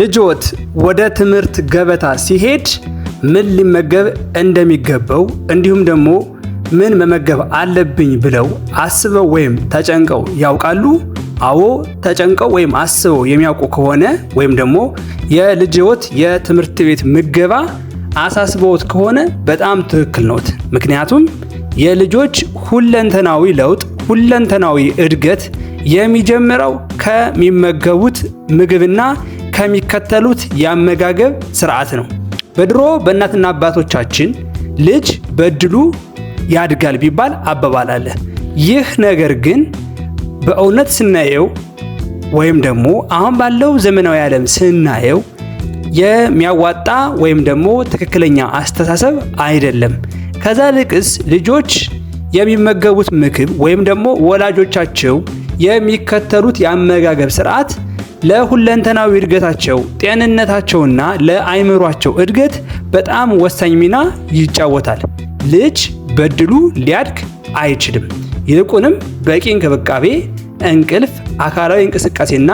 ልጆት ወደ ትምህርት ገበታ ሲሄድ ምን ሊመገብ እንደሚገባው እንዲሁም ደግሞ ምን መመገብ አለብኝ ብለው አስበው ወይም ተጨንቀው ያውቃሉ? አዎ፣ ተጨንቀው ወይም አስበው የሚያውቁ ከሆነ ወይም ደግሞ የልጆት የትምህርት ቤት ምገባ አሳስበውት ከሆነ በጣም ትክክል ነውት። ምክንያቱም የልጆች ሁለንተናዊ ለውጥ ሁለንተናዊ እድገት የሚጀምረው ከሚመገቡት ምግብና ከሚከተሉት የአመጋገብ ስርዓት ነው። በድሮ በእናትና አባቶቻችን ልጅ በእድሉ ያድጋል ቢባል አባባል አለ። ይህ ነገር ግን በእውነት ስናየው ወይም ደግሞ አሁን ባለው ዘመናዊ ዓለም ስናየው የሚያዋጣ ወይም ደግሞ ትክክለኛ አስተሳሰብ አይደለም። ከዛ ልቅስ ልጆች የሚመገቡት ምግብ ወይም ደግሞ ወላጆቻቸው የሚከተሉት የአመጋገብ ስርዓት ለሁለንተናዊ እድገታቸው፣ ጤንነታቸውና ለአይምሯቸው እድገት በጣም ወሳኝ ሚና ይጫወታል። ልጅ በድሉ ሊያድግ አይችልም። ይልቁንም በቂ እንክብካቤ፣ እንቅልፍ፣ አካላዊ እንቅስቃሴና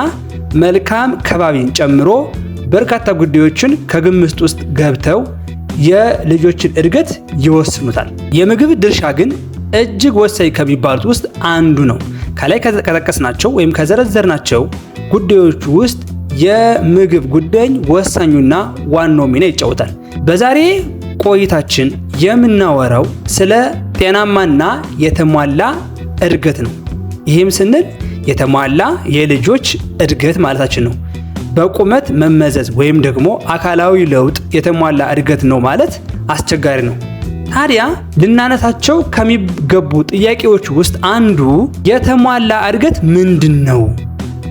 መልካም ከባቢን ጨምሮ በርካታ ጉዳዮችን ከግምት ውስጥ ገብተው የልጆችን እድገት ይወስኑታል። የምግብ ድርሻ ግን እጅግ ወሳኝ ከሚባሉት ውስጥ አንዱ ነው። ከላይ ከጠቀስናቸው ወይም ከዘረዘርናቸው ጉዳዮች ውስጥ የምግብ ጉዳይ ወሳኙና ዋናው ሚና ይጫወታል። በዛሬ ቆይታችን የምናወራው ስለ ጤናማና የተሟላ እድገት ነው። ይህም ስንል የተሟላ የልጆች እድገት ማለታችን ነው። በቁመት መመዘዝ ወይም ደግሞ አካላዊ ለውጥ የተሟላ እድገት ነው ማለት አስቸጋሪ ነው። ታዲያ ልናነሳቸው ከሚገቡ ጥያቄዎች ውስጥ አንዱ የተሟላ እድገት ምንድን ነው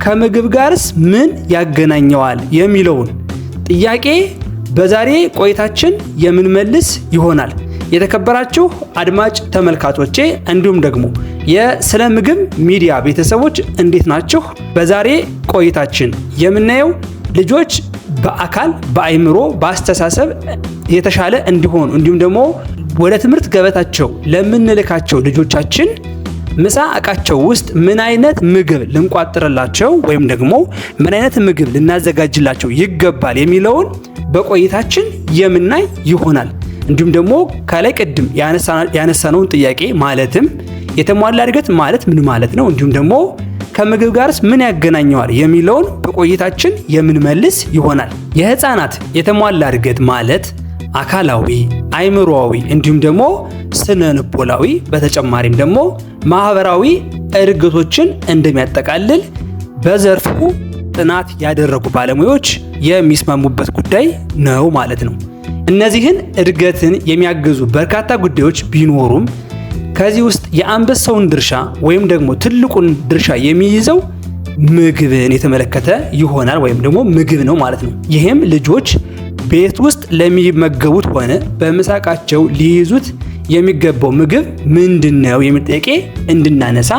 ከምግብ ጋርስ ምን ያገናኘዋል የሚለውን ጥያቄ በዛሬ ቆይታችን የምንመልስ ይሆናል። የተከበራችሁ አድማጭ ተመልካቾቼ እንዲሁም ደግሞ የስለ ምግብ ሚዲያ ቤተሰቦች እንዴት ናችሁ? በዛሬ ቆይታችን የምናየው ልጆች በአካል በአይምሮ፣ በአስተሳሰብ የተሻለ እንዲሆኑ እንዲሁም ደግሞ ወደ ትምህርት ገበታቸው ለምንልካቸው ልጆቻችን ምሳ እቃቸው ውስጥ ምን አይነት ምግብ ልንቋጥርላቸው ወይም ደግሞ ምን አይነት ምግብ ልናዘጋጅላቸው ይገባል የሚለውን በቆይታችን የምናይ ይሆናል። እንዲሁም ደግሞ ከላይ ቅድም ያነሳነውን ጥያቄ ማለትም የተሟላ እድገት ማለት ምን ማለት ነው፣ እንዲሁም ደግሞ ከምግብ ጋርስ ምን ያገናኘዋል የሚለውን በቆይታችን የምንመልስ ይሆናል። የህፃናት የተሟላ እድገት ማለት አካላዊ፣ አይምሮዊ እንዲሁም ደግሞ ስነ በተጨማሪም ደግሞ ማህበራዊ እድገቶችን እንደሚያጠቃልል በዘርፉ ጥናት ያደረጉ ባለሙያዎች የሚስማሙበት ጉዳይ ነው ማለት ነው። እነዚህን እድገትን የሚያግዙ በርካታ ጉዳዮች ቢኖሩም ከዚህ ውስጥ የአንበሳውን ድርሻ ወይም ደግሞ ትልቁን ድርሻ የሚይዘው ምግብን የተመለከተ ይሆናል ወይም ደግሞ ምግብ ነው ማለት ነው። ይህም ልጆች ቤት ውስጥ ለሚመገቡት ሆነ በምሳቃቸው ሊይዙት የሚገባው ምግብ ምንድን ነው የሚል ጥያቄ እንድናነሳ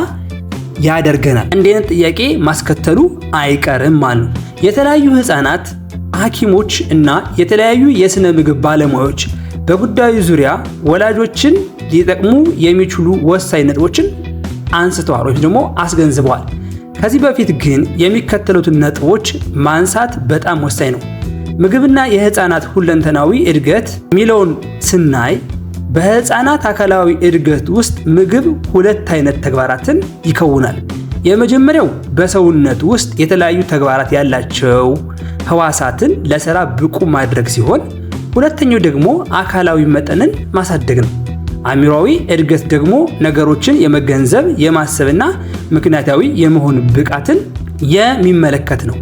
ያደርገናል። እንዲህ አይነት ጥያቄ ማስከተሉ አይቀርም ማለት ነው። የተለያዩ ህፃናት ሐኪሞች እና የተለያዩ የስነ ምግብ ባለሙያዎች በጉዳዩ ዙሪያ ወላጆችን ሊጠቅሙ የሚችሉ ወሳኝ ነጥቦችን አንስተዋል ወይም ደግሞ አስገንዝበዋል። ከዚህ በፊት ግን የሚከተሉትን ነጥቦች ማንሳት በጣም ወሳኝ ነው። ምግብና የህፃናት ሁለንተናዊ እድገት የሚለውን ስናይ በህፃናት አካላዊ እድገት ውስጥ ምግብ ሁለት አይነት ተግባራትን ይከውናል። የመጀመሪያው በሰውነት ውስጥ የተለያዩ ተግባራት ያላቸው ህዋሳትን ለስራ ብቁ ማድረግ ሲሆን፣ ሁለተኛው ደግሞ አካላዊ መጠንን ማሳደግ ነው። አእምሯዊ እድገት ደግሞ ነገሮችን የመገንዘብ የማሰብና ምክንያታዊ የመሆን ብቃትን የሚመለከት ነው።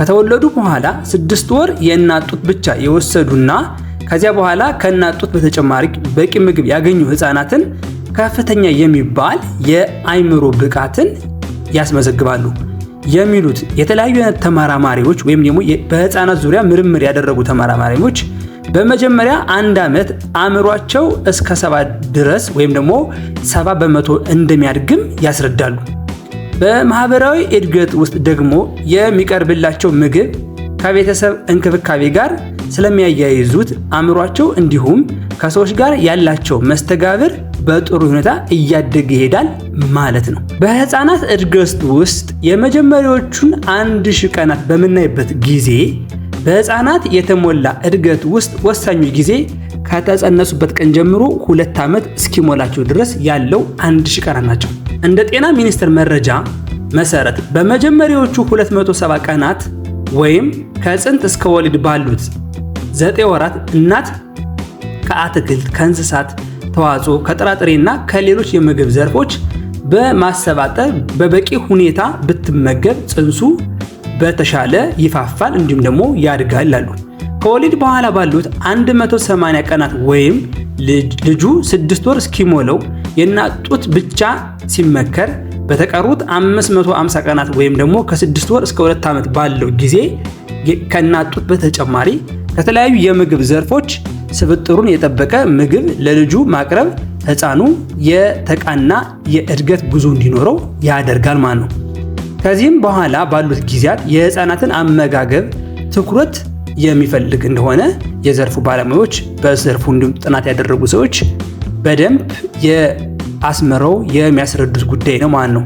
ከተወለዱ በኋላ ስድስት ወር የእናት ጡት ብቻ የወሰዱና ከዚያ በኋላ ከእናት ጡት በተጨማሪ በቂ ምግብ ያገኙ ህፃናትን ከፍተኛ የሚባል የአይምሮ ብቃትን ያስመዘግባሉ የሚሉት የተለያዩ አይነት ተመራማሪዎች ወይም ደግሞ በህፃናት ዙሪያ ምርምር ያደረጉ ተመራማሪዎች በመጀመሪያ አንድ ዓመት አእምሯቸው እስከ ሰባ ድረስ ወይም ደግሞ ሰባ በመቶ እንደሚያድግም ያስረዳሉ። በማህበራዊ እድገት ውስጥ ደግሞ የሚቀርብላቸው ምግብ ከቤተሰብ እንክብካቤ ጋር ስለሚያያይዙት አእምሯቸው እንዲሁም ከሰዎች ጋር ያላቸው መስተጋብር በጥሩ ሁኔታ እያደገ ይሄዳል ማለት ነው። በህፃናት እድገት ውስጥ የመጀመሪያዎቹን አንድ ሺህ ቀናት በምናይበት ጊዜ በህፃናት የተሞላ እድገት ውስጥ ወሳኙ ጊዜ ከተጸነሱበት ቀን ጀምሮ ሁለት ዓመት እስኪሞላቸው ድረስ ያለው አንድ ሺህ ቀናት ናቸው። እንደ ጤና ሚኒስቴር መረጃ መሰረት በመጀመሪያዎቹ 270 ቀናት ወይም ከጽንት እስከ ወሊድ ባሉት 9 ወራት እናት ከአትክልት፣ ከእንስሳት ተዋጽኦ፣ ከጥራጥሬና ከሌሎች የምግብ ዘርፎች በማሰባጠር በበቂ ሁኔታ ብትመገብ ጽንሱ በተሻለ ይፋፋል እንዲሁም ደግሞ ያድጋል አሉ። ከወሊድ በኋላ ባሉት 180 ቀናት ወይም ልጁ ስድስት ወር እስኪሞለው የእናት ጡት ብቻ ሲመከር በተቀሩት 550 ቀናት ወይም ደግሞ ከስድስት ወር እስከ ሁለት ዓመት ባለው ጊዜ ከእናት ጡት በተጨማሪ ከተለያዩ የምግብ ዘርፎች ስብጥሩን የጠበቀ ምግብ ለልጁ ማቅረብ ህፃኑ የተቃና የእድገት ጉዞ እንዲኖረው ያደርጋል ማለት ነው። ከዚህም በኋላ ባሉት ጊዜያት የህፃናትን አመጋገብ ትኩረት የሚፈልግ እንደሆነ የዘርፉ ባለሙያዎች በዘርፉ እንዲሁም ጥናት ያደረጉ ሰዎች በደንብ የአስምረው የሚያስረዱት ጉዳይ ነው ማለት ነው።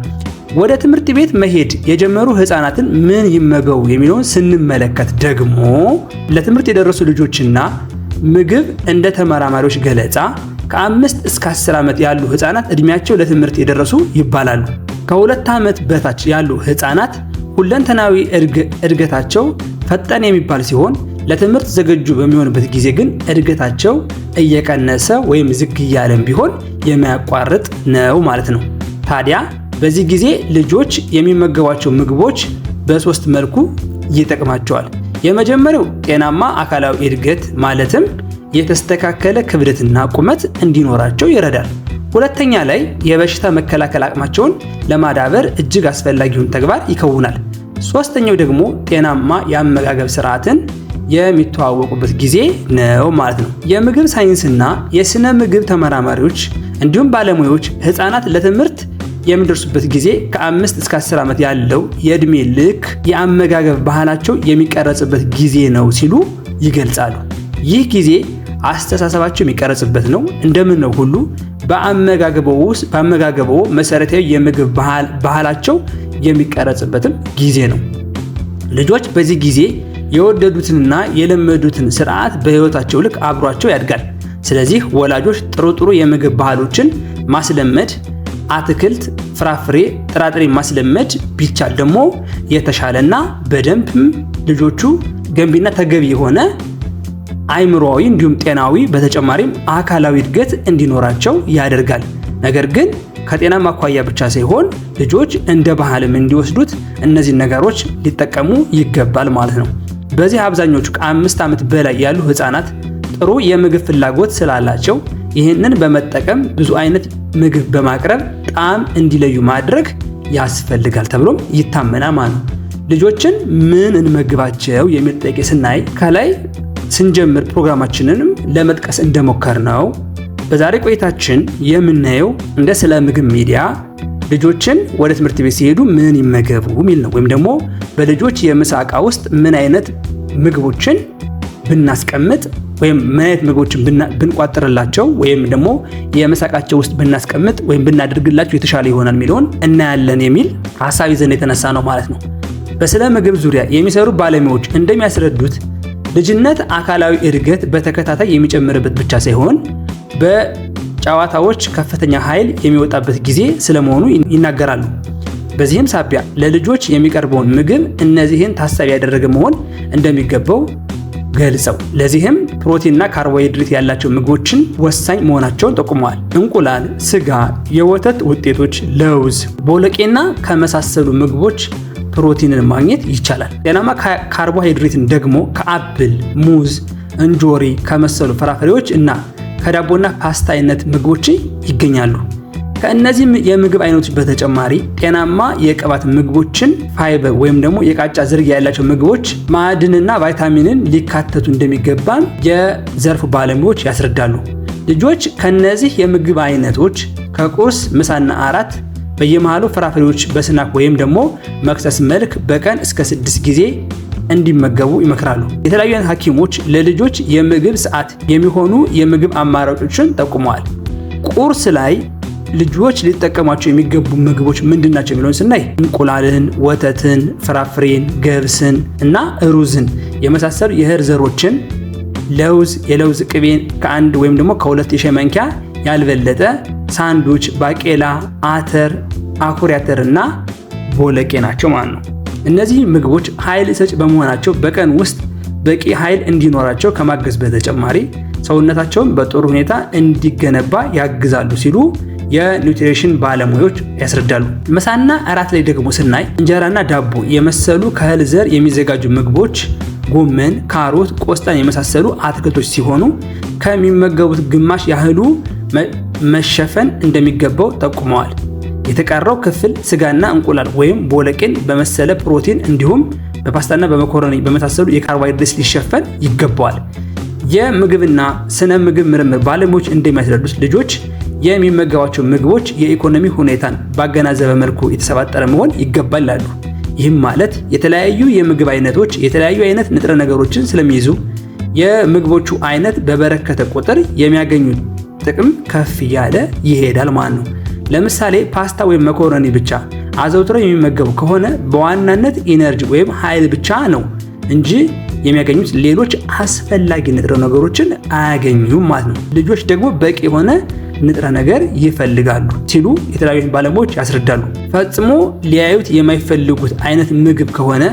ወደ ትምህርት ቤት መሄድ የጀመሩ ህፃናትን ምን ይመገቡ የሚለውን ስንመለከት ደግሞ ለትምህርት የደረሱ ልጆችና ምግብ እንደ ተመራማሪዎች ገለጻ ከአምስት እስከ አስር ዓመት ያሉ ህፃናት እድሜያቸው ለትምህርት የደረሱ ይባላሉ። ከሁለት ዓመት በታች ያሉ ህፃናት ሁለንተናዊ እድገታቸው ፈጣን የሚባል ሲሆን ለትምህርት ዝግጁ በሚሆንበት ጊዜ ግን እድገታቸው እየቀነሰ ወይም ዝግ እያለም ቢሆን የሚያቋርጥ ነው ማለት ነው። ታዲያ በዚህ ጊዜ ልጆች የሚመገቧቸው ምግቦች በሶስት መልኩ ይጠቅማቸዋል። የመጀመሪያው ጤናማ አካላዊ እድገት ማለትም የተስተካከለ ክብደትና ቁመት እንዲኖራቸው ይረዳል። ሁለተኛ ላይ የበሽታ መከላከል አቅማቸውን ለማዳበር እጅግ አስፈላጊውን ተግባር ይከውናል። ሶስተኛው ደግሞ ጤናማ የአመጋገብ ስርዓትን የሚተዋወቁበት ጊዜ ነው ማለት ነው። የምግብ ሳይንስና የስነ ምግብ ተመራማሪዎች እንዲሁም ባለሙያዎች ህፃናት ለትምህርት የሚደርሱበት ጊዜ ከአምስት እስከ አስር ዓመት ያለው የእድሜ ልክ የአመጋገብ ባህላቸው የሚቀረጽበት ጊዜ ነው ሲሉ ይገልጻሉ። ይህ ጊዜ አስተሳሰባቸው የሚቀረጽበት ነው። እንደምን ነው ሁሉ በአመጋገበው ውስጥ በአመጋገበው መሰረታዊ የምግብ ባህላቸው የሚቀረጽበትም ጊዜ ነው። ልጆች በዚህ ጊዜ የወደዱትንና የለመዱትን ስርዓት በህይወታቸው ልክ አብሯቸው ያድጋል። ስለዚህ ወላጆች ጥሩ ጥሩ የምግብ ባህሎችን ማስለመድ፣ አትክልት፣ ፍራፍሬ፣ ጥራጥሬ ማስለመድ ቢቻል ደግሞ የተሻለና በደንብም ልጆቹ ገንቢና ተገቢ የሆነ አይምሮዊ እንዲሁም ጤናዊ በተጨማሪም አካላዊ እድገት እንዲኖራቸው ያደርጋል። ነገር ግን ከጤና አኳያ ብቻ ሳይሆን ልጆች እንደ ባህልም እንዲወስዱት እነዚህን ነገሮች ሊጠቀሙ ይገባል ማለት ነው። በዚህ አብዛኞቹ ከአምስት ዓመት በላይ ያሉ ህፃናት ጥሩ የምግብ ፍላጎት ስላላቸው ይህንን በመጠቀም ብዙ አይነት ምግብ በማቅረብ ጣዕም እንዲለዩ ማድረግ ያስፈልጋል ተብሎም ይታመናል ማለት ነው። ልጆችን ምን እንመግባቸው የሚል ጥያቄ ስናይ ከላይ ስንጀምር ፕሮግራማችንንም ለመጥቀስ እንደሞከር ነው በዛሬ ቆይታችን የምናየው እንደ ስለ ምግብ ሚዲያ ልጆችን ወደ ትምህርት ቤት ሲሄዱ ምን ይመገቡ የሚል ነው። ወይም ደግሞ በልጆች የምሳ ውስጥ ምን አይነት ምግቦችን ብናስቀምጥ ወይም ምን አይነት ምግቦችን ብንቋጥርላቸው ወይም ደግሞ የምሳ ውስጥ ብናስቀምጥ ወይም ብናደርግላቸው የተሻለ ይሆናል የሚለውን እናያለን የሚል ሀሳብ ይዘን የተነሳ ነው ማለት ነው። በስለ ምግብ ዙሪያ የሚሰሩ ባለሙያዎች እንደሚያስረዱት ልጅነት አካላዊ እድገት በተከታታይ የሚጨምርበት ብቻ ሳይሆን በጨዋታዎች ከፍተኛ ኃይል የሚወጣበት ጊዜ ስለመሆኑ ይናገራሉ። በዚህም ሳቢያ ለልጆች የሚቀርበውን ምግብ እነዚህን ታሳቢ ያደረገ መሆን እንደሚገባው ገልጸው ለዚህም ፕሮቲንና ካርቦሃይድሬት ያላቸው ምግቦችን ወሳኝ መሆናቸውን ጠቁመዋል። እንቁላል፣ ስጋ፣ የወተት ውጤቶች፣ ለውዝ፣ ቦለቄና ከመሳሰሉ ምግቦች ፕሮቲንን ማግኘት ይቻላል። ጤናማ ካርቦሃይድሬትን ደግሞ ከአፕል፣ ሙዝ፣ እንጆሪ ከመሰሉ ፍራፍሬዎች እና ከዳቦና ፓስታ አይነት ምግቦች ይገኛሉ። ከእነዚህ የምግብ አይነቶች በተጨማሪ ጤናማ የቅባት ምግቦችን ፋይበር ወይም ደግሞ የቃጫ ዝርያ ያላቸው ምግቦች ማዕድንና ቫይታሚንን ሊካተቱ እንደሚገባም የዘርፉ ባለሙያዎች ያስረዳሉ። ልጆች ከእነዚህ የምግብ አይነቶች ከቁርስ ምሳና አራት በየመሃሉ ፍራፍሬዎች በስናክ ወይም ደግሞ መክሰስ መልክ በቀን እስከ ስድስት ጊዜ እንዲመገቡ ይመክራሉ። የተለያዩ አይነት ሐኪሞች ለልጆች የምግብ ሰዓት የሚሆኑ የምግብ አማራጮችን ጠቁመዋል። ቁርስ ላይ ልጆች ሊጠቀሟቸው የሚገቡ ምግቦች ምንድን ናቸው የሚለውን ስናይ እንቁላልን፣ ወተትን፣ ፍራፍሬን፣ ገብስን እና ሩዝን የመሳሰሉ የእህል ዘሮችን፣ ለውዝ፣ የለውዝ ቅቤን ከአንድ ወይም ደግሞ ከሁለት የሻይ ማንኪያ ያልበለጠ፣ ሳንዱች፣ ባቄላ፣ አተር፣ አኩሪ አተር እና ቦለቄ ናቸው ማለት ነው። እነዚህ ምግቦች ኃይል ሰጭ በመሆናቸው በቀን ውስጥ በቂ ኃይል እንዲኖራቸው ከማገዝ በተጨማሪ ሰውነታቸውን በጥሩ ሁኔታ እንዲገነባ ያግዛሉ ሲሉ የኒውትሪሽን ባለሙያዎች ያስረዳሉ። ምሳና እራት ላይ ደግሞ ስናይ እንጀራና ዳቦ የመሰሉ ከእህል ዘር የሚዘጋጁ ምግቦች ጎመን፣ ካሮት፣ ቆስጣን የመሳሰሉ አትክልቶች ሲሆኑ ከሚመገቡት ግማሽ ያህሉ መሸፈን እንደሚገባው ጠቁመዋል። የተቀረው ክፍል ስጋና እንቁላል ወይም ቦለቄን በመሰለ ፕሮቲን እንዲሁም በፓስታና በመኮረኒ በመሳሰሉ የካርቦሃይድሬት ሊሸፈን ይገባዋል። የምግብና ስነ ምግብ ምርምር ባለሙያዎች እንደሚያስረዱት ልጆች የሚመገባቸው ምግቦች የኢኮኖሚ ሁኔታን ባገናዘበ መልኩ የተሰባጠረ መሆን ይገባል ይላሉ። ይህም ማለት የተለያዩ የምግብ አይነቶች የተለያዩ አይነት ንጥረ ነገሮችን ስለሚይዙ የምግቦቹ አይነት በበረከተ ቁጥር የሚያገኙ ጥቅም ከፍ እያለ ይሄዳል ማለት ነው። ለምሳሌ ፓስታ ወይም መኮረኒ ብቻ አዘውትረው የሚመገቡ ከሆነ በዋናነት ኢነርጂ ወይም ኃይል ብቻ ነው እንጂ የሚያገኙት ሌሎች አስፈላጊ ንጥረ ነገሮችን አያገኙም ማለት ነው። ልጆች ደግሞ በቂ የሆነ ንጥረ ነገር ይፈልጋሉ ሲሉ የተለያዩ ባለሙያዎች ያስረዳሉ። ፈጽሞ ሊያዩት የማይፈልጉት አይነት ምግብ ከሆነ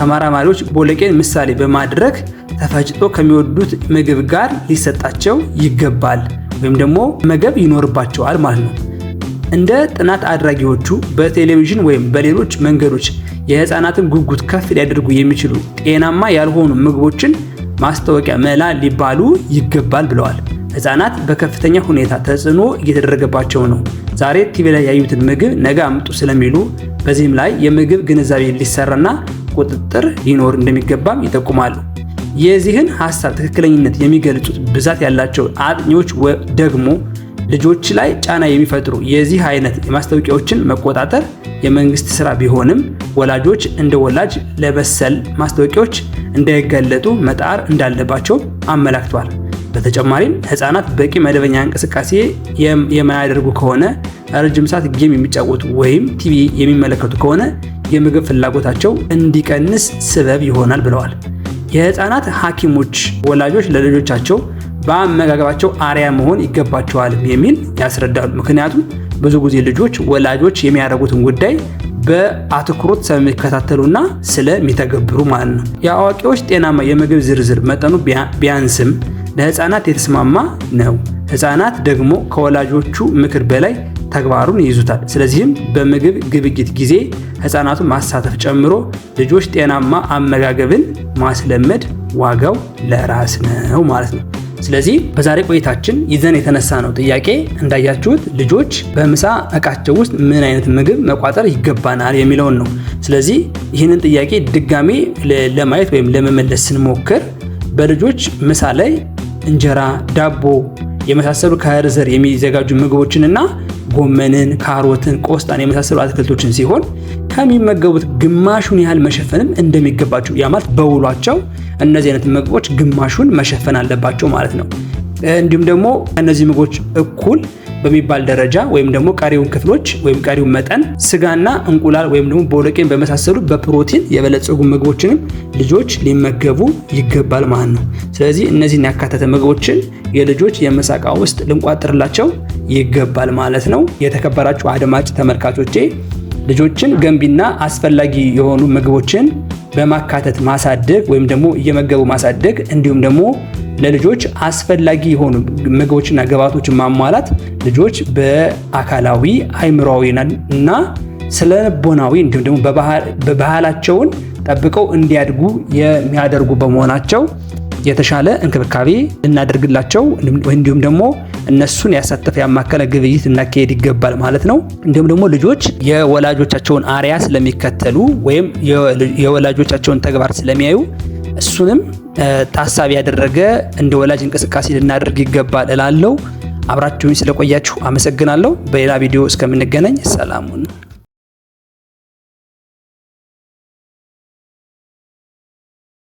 ተመራማሪዎች ቦለቄን ምሳሌ በማድረግ ተፈጭቶ ከሚወዱት ምግብ ጋር ሊሰጣቸው ይገባል ወይም ደግሞ መገብ ይኖርባቸዋል ማለት ነው። እንደ ጥናት አድራጊዎቹ በቴሌቪዥን ወይም በሌሎች መንገዶች የህፃናትን ጉጉት ከፍ ሊያደርጉ የሚችሉ ጤናማ ያልሆኑ ምግቦችን ማስታወቂያ መላ ሊባሉ ይገባል ብለዋል። ህፃናት በከፍተኛ ሁኔታ ተጽዕኖ እየተደረገባቸው ነው። ዛሬ ቲቪ ላይ ያዩትን ምግብ ነገ አምጡ ስለሚሉ፣ በዚህም ላይ የምግብ ግንዛቤ ሊሰራና ቁጥጥር ሊኖር እንደሚገባም ይጠቁማሉ። የዚህን ሀሳብ ትክክለኝነት የሚገልጹት ብዛት ያላቸው አጥኚዎች ደግሞ ልጆች ላይ ጫና የሚፈጥሩ የዚህ አይነት ማስታወቂያዎችን መቆጣጠር የመንግስት ስራ ቢሆንም ወላጆች እንደ ወላጅ ለበሰል ማስታወቂያዎች እንዳይጋለጡ መጣር እንዳለባቸው አመላክቷል። በተጨማሪም ህፃናት በቂ መደበኛ እንቅስቃሴ የማያደርጉ ከሆነ ረጅም ሰዓት ጌም የሚጫወቱ ወይም ቲቪ የሚመለከቱ ከሆነ የምግብ ፍላጎታቸው እንዲቀንስ ስበብ ይሆናል ብለዋል። የህፃናት ሐኪሞች ወላጆች ለልጆቻቸው በአመጋገባቸው አሪያ መሆን ይገባቸዋል የሚል ያስረዳሉ። ምክንያቱም ብዙ ጊዜ ልጆች ወላጆች የሚያደርጉትን ጉዳይ በአትኩሮት ስለሚከታተሉና ስለሚተገብሩ ማለት ነው። የአዋቂዎች ጤናማ የምግብ ዝርዝር መጠኑ ቢያንስም ለህፃናት የተስማማ ነው። ህፃናት ደግሞ ከወላጆቹ ምክር በላይ ተግባሩን ይይዙታል። ስለዚህም በምግብ ግብይት ጊዜ ህፃናቱን ማሳተፍ ጨምሮ ልጆች ጤናማ አመጋገብን ማስለመድ ዋጋው ለራስ ነው ማለት ነው። ስለዚህ በዛሬ ቆይታችን ይዘን የተነሳ ነው ጥያቄ እንዳያችሁት ልጆች በምሳ እቃቸው ውስጥ ምን አይነት ምግብ መቋጠር ይገባናል የሚለውን ነው። ስለዚህ ይህንን ጥያቄ ድጋሜ ለማየት ወይም ለመመለስ ስንሞክር በልጆች ምሳ ላይ እንጀራ፣ ዳቦ የመሳሰሉ ከእህል ዘር የሚዘጋጁ ምግቦችንና ጎመንን፣ ካሮትን፣ ቆስጣን የመሳሰሉ አትክልቶችን ሲሆን ከሚመገቡት ግማሹን ያህል መሸፈንም እንደሚገባቸው ያ ማለት በውሏቸው እነዚህ አይነት ምግቦች ግማሹን መሸፈን አለባቸው ማለት ነው። እንዲሁም ደግሞ ከእነዚህ ምግቦች እኩል በሚባል ደረጃ ወይም ደግሞ ቀሪውን ክፍሎች ወይም ቀሪውን መጠን ስጋና እንቁላል ወይም ደግሞ ቦሎቄን በመሳሰሉ በፕሮቲን የበለጸጉ ምግቦችንም ልጆች ሊመገቡ ይገባል ማለት ነው። ስለዚህ እነዚህን ያካተተ ምግቦችን የልጆች የምሳ ዕቃ ውስጥ ልንቋጥርላቸው ይገባል ማለት ነው። የተከበራችሁ አድማጭ ተመልካቾቼ ልጆችን ገንቢና አስፈላጊ የሆኑ ምግቦችን በማካተት ማሳደግ ወይም ደግሞ እየመገቡ ማሳደግ እንዲሁም ደግሞ ለልጆች አስፈላጊ የሆኑ ምግቦችና ግብዓቶችን ማሟላት ልጆች በአካላዊ አይምሮዊ እና ስለቦናዊ እንዲሁም ደግሞ በባህላቸውን ጠብቀው እንዲያድጉ የሚያደርጉ በመሆናቸው የተሻለ እንክብካቤ ልናደርግላቸው እንዲሁም ደግሞ እነሱን ያሳተፈ ያማከለ ግብይት እናካሄድ ይገባል ማለት ነው። እንዲሁም ደግሞ ልጆች የወላጆቻቸውን አርያ ስለሚከተሉ ወይም የወላጆቻቸውን ተግባር ስለሚያዩ እሱንም ታሳቢ ያደረገ እንደ ወላጅ እንቅስቃሴ ልናደርግ ይገባል እላለሁ። አብራችሁኝ ስለቆያችሁ አመሰግናለሁ። በሌላ ቪዲዮ እስከምንገናኝ ሰላሙን